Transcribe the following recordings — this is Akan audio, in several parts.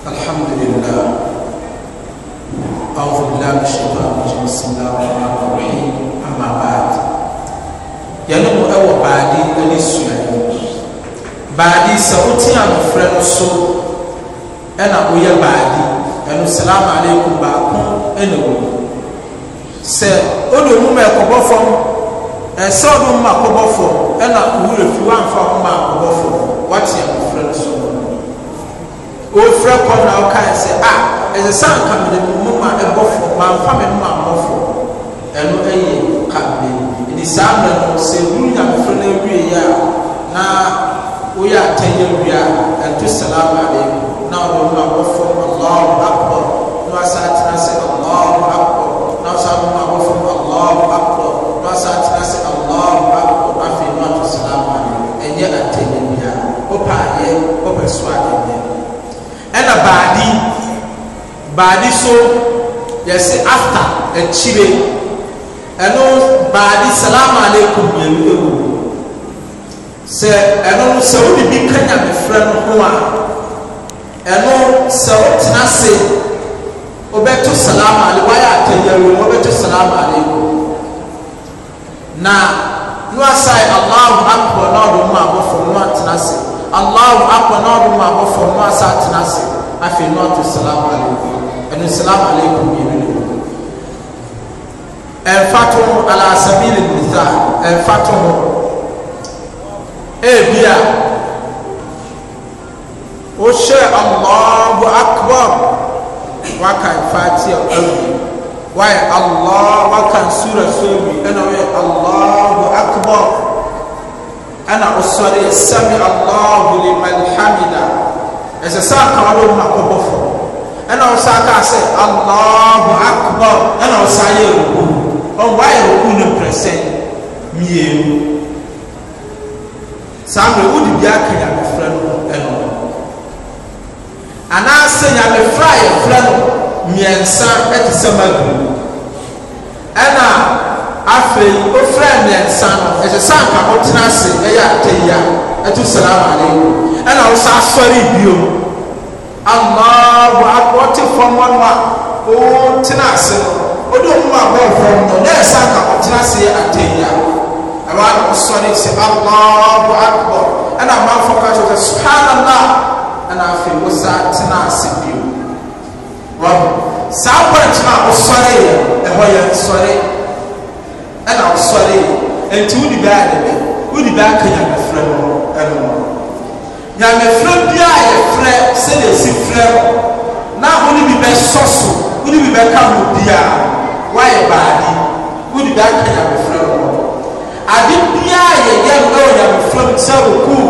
الحمد لله أعوذ بالله من الشيطان الرجيم بسم الله الرحمن الرحيم أما بعد yɛne mo ɛwɔ baade ne sua baade sɛ wote amɔfrɛ no so ɛna woyɛ baade ɛno salam aleikum baako ɛne wo sɛ wode mu ma ɛkɔbɔ fam ɛsɛ wode mu ma kɔbɔ fam ɛna wowura fi woamfa ho ma akɔbɔ fam woate amɔfrɛ no so ofura kɔm na ɔkae sɛ a ah, ɛsɛ sɛ anka mene mu ma ɛbɔfo mamfa me ma mmɔfo ɛno ɛyɛ kabe ɛdi saa mmerɛ no sɛ duru nyamefrɛ no awieɛ a na woyɛ atɛyɛ wie a ɛnto salam aleikum na ɔbɛmu abɔfo allahu akbar so yɛsɛ after akyire ɛno baade salama aleikum mmienu ewu sɛ ɛno sɛ wode bi ka nyamefrɛ no ho a ɛno sɛ wotena se wobɛto salamu ale wayɛ atayawe wobɛto salamu aleikum na no asae allahu akbar na ɔde mu abɔfo no atena se allahu akbar na ɔde mu abɔfo no asa atena se afei na ɔto salama aleikum ɛne salam aleikum mmienu ne mu ɛmfa to ho ala sabili misal ɛmfa to ho ebia wohyɛ allahu akbar waka mfaatia awie wayɛ allah waka sura so awie ɛna woyɛ allahu akbar ɛna wosɔre sami allahu liman hamida ɛsɛ sɛ aka wabɛhu akɔbɔfoɔ ɛna ɔsa ka sɛ allahu akbar ɛna ɔsa yɛ ruku ɔwɔ ayɛ ruku no pɛrɛsɛ mmienu saa mmerɛ wodi bi aka nyamefrɛ no ɛno anaasɛ nyamefrɛ a yɛfrɛ no mmiɛnsa ɛte sɛ magru ɛna afei ofrɛ mmiɛnsa no ɛhyɛ sɛ anka ɔtena ase ɛyɛ atɛyia ɛto salamu alaikum ɛna ɔsa asɔre bio allahu akbar ɔte fam hɔ no a ɔtena ase no ɔde ɔmo abɛɛ fam no na ɛsan ka ɔtena ase yɛ atɛnya ɛwɔ a ɔsɔre sɛ allahu akbar ɛna amanfoɔ ka kyerɛ sɛ subhanallah ɛna afei wosa tena ase bio wɔn saa pɔnkye a ɔsɔre yɛ ɛhɔ yɛ nsɔre ɛna ɔsɔre yɛ nti wodi bɛɛ adebe wodi bɛɛ akanya nafra mu nyamefrɛ bia a yɛfrɛ sɛdeɛ si frɛ na wone bi bɛsɔ so wone bi bɛka ho bia woayɛ baade wone bi aka nyamefrɛ no ade bia a yɛyɛ no ɛwɔ nyamefrɛ mu sɛ wokuu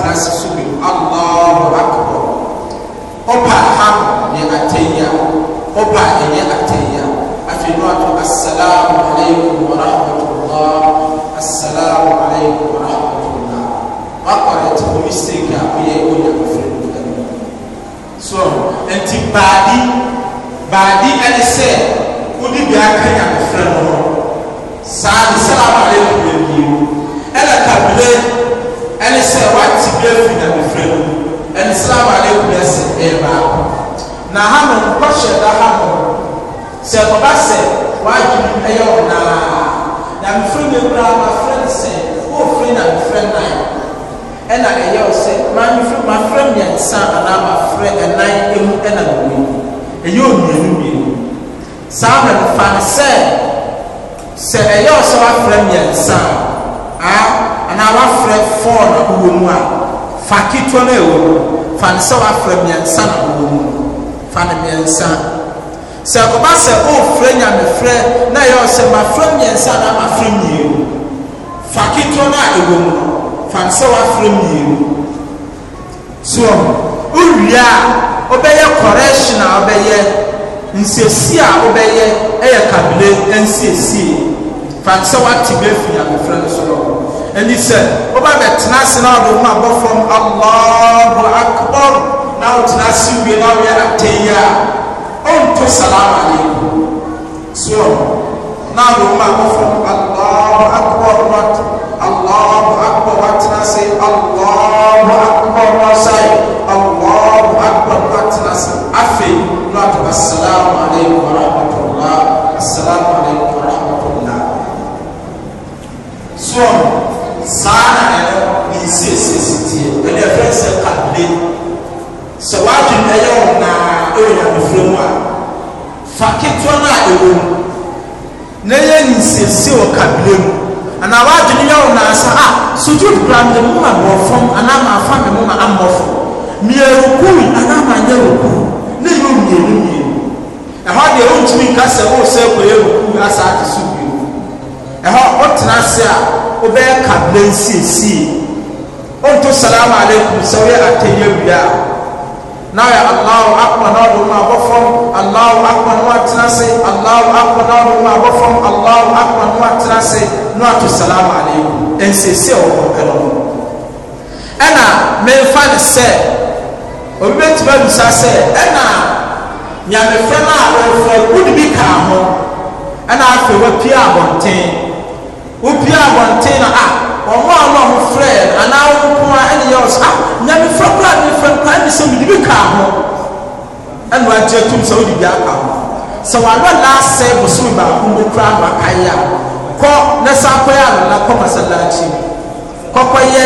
tena ase so bi allahu akbar ɔpa ham ne atɛyia ɔpa ɛnyɛ atɛyia afei no ato assalamu alaikum nti na mefrɛ nan ɛna ɛyɛ wo sɛ mamefrɛ mafrɛ mmiɛnsa anaa mafrɛ ɛnan ɛmu ɛna mewei ɛyɛ ɔmmienu mmienu saa na mefa ne sɛ sɛ ɛyɛ wo sɛ woafrɛ mmiɛnsa a anaa woafrɛ fɔɔ na wowɔ mu a fa ketewa no ɛwɔ mu fa ne sɛ woafrɛ mmiɛnsa na wowɔ mu fa ne mmiɛnsa sɛ ɔba sɛ ɔɔfrɛ oh, nyamefrɛ na ɛyɛ wo sɛ mafrɛ mmiɛnsa anaa mafrɛ mmienu fa ketewa no a ɛwɔ mu no fam sɛ woafrɛ mmienu so wowie a wobɛyɛ correction a wobɛyɛ nsiesi a wobɛyɛ ɛyɛ kabile nsiesie fam sɛ woate bɛfiri abɛfrɛ no so ɛni sɛ woba bɛtena ase na wode woma bɔ fam allahu akbar na wotena ase wie na woyɛ atɛyi a ɔnto salam alaikum so na wode w'adwene ɛyɛ wɔn naa ɛwɔ nyamefrɛ mu a fa ketewa no a ɛwɔ mu na ɛyɛ nsiesie wɔ kabila mu anaa w'adwene yɛ wɔn naa sɛ a sojud kura mi mu ma mmɔfam anaa ma afa mi mu ma amɔfo mmea rukuu anaa ma nyɛ rukuu ne yɛ mmienu mmienu ɛhɔ deɛ ɔntumi nka sɛ ɔresɛ kɔyɛ rukuu asa ate so bi ɛhɔ ɔtena ase a ɔbɛyɛ kabila nsiesie ɔnto salamu aleikum sɛ ɔyɛ atɛyɛ wia a na yɛ Allahu akbar na ɔde mu abɔ fam Allahu akbar na watena ase Allahu akbar na ɔde mu abɔ fam Allahu akbar na watena ase na wato salamu aleikum nsiesie wɔ hɔ ɛnɔ ho ɛna mmemfa uh, ne sɛ obi bɛtumi abisa sɛ ɛna nyamefrɛ no a wɔrefrɛ bi kaa ho ɛna afei wapia abɔnten wopia abɔnten na uh, a ah, ɔmo a ɔmo frɛ anaa ɔmo a ɛne yɛ ɔsɛ ah na mi fura kura mi fura kura mi sɛ mi bi ka ho ɛna wagye atum sɛ ɔde bi aka ho sɛ wadɔ laasɛ bosom baako mo kura ama kan ya kɔ na sa kɔ yɛ alala kɔ masalakyi kɔkɔ yɛ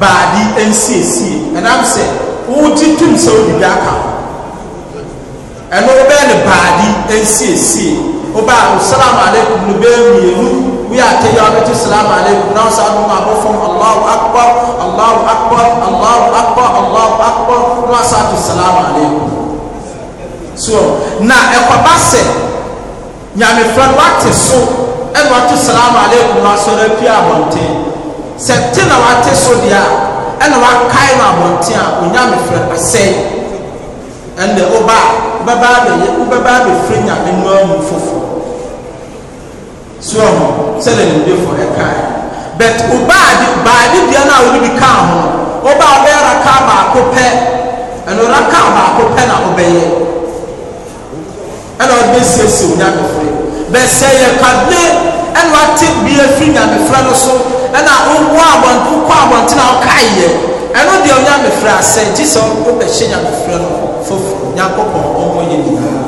baadi nsiesie ɛnam sɛ wogye tum sɛ ɔde bi aka ho ɛno wobɛyɛ ne baadi nsiesie wobaa osalamu alaikum no bɛyɛ mmienu wi atɛyɛ abɛti salamu aleikum na ɔsan no maabɔ fam allahu akbar allahu akbar allahu akbar allahu akbar na ɔsan to salamu aleikum so na ɛkɔba sɛ nyamefra no ate so ɛna ɔte salamu aleikum na asɔre apia abɔnten sɛ te na wate so deɛ a ɛna wakae no abɔnten a onyamefra asɛe ɛnna ɔbaa wobɛbaa bɛyɛ wobɛbaa bɛfiri nyame no amu foforɔ soɔ hɔ sɛdeɛ nimdefoɔ ɛkae but obaade baade deɛ no a wode bi kaa ho woba a wobɛyɛ raka baako pɛ ɛno raka baako pɛ na wobɛyɛ ɛna wode bɛsiesie wo nyamefrɛ bɛ sɛ yɛ kwade ɛna wate bi afiri nyamefrɛ no so ɛna wowɔ abɔnte wokɔ abɔntene a wokaeyɛ ɛno deɛ wo nyamefrɛ asɛ gye sɛ wobɛhyɛ nyamefrɛ no foforo nyankopɔn ɔmmɔ yɛ nyinaa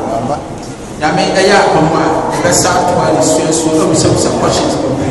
nyame ɛyɛ apɔmɔ a bɛsa ato a ne sua so na obisabisa questions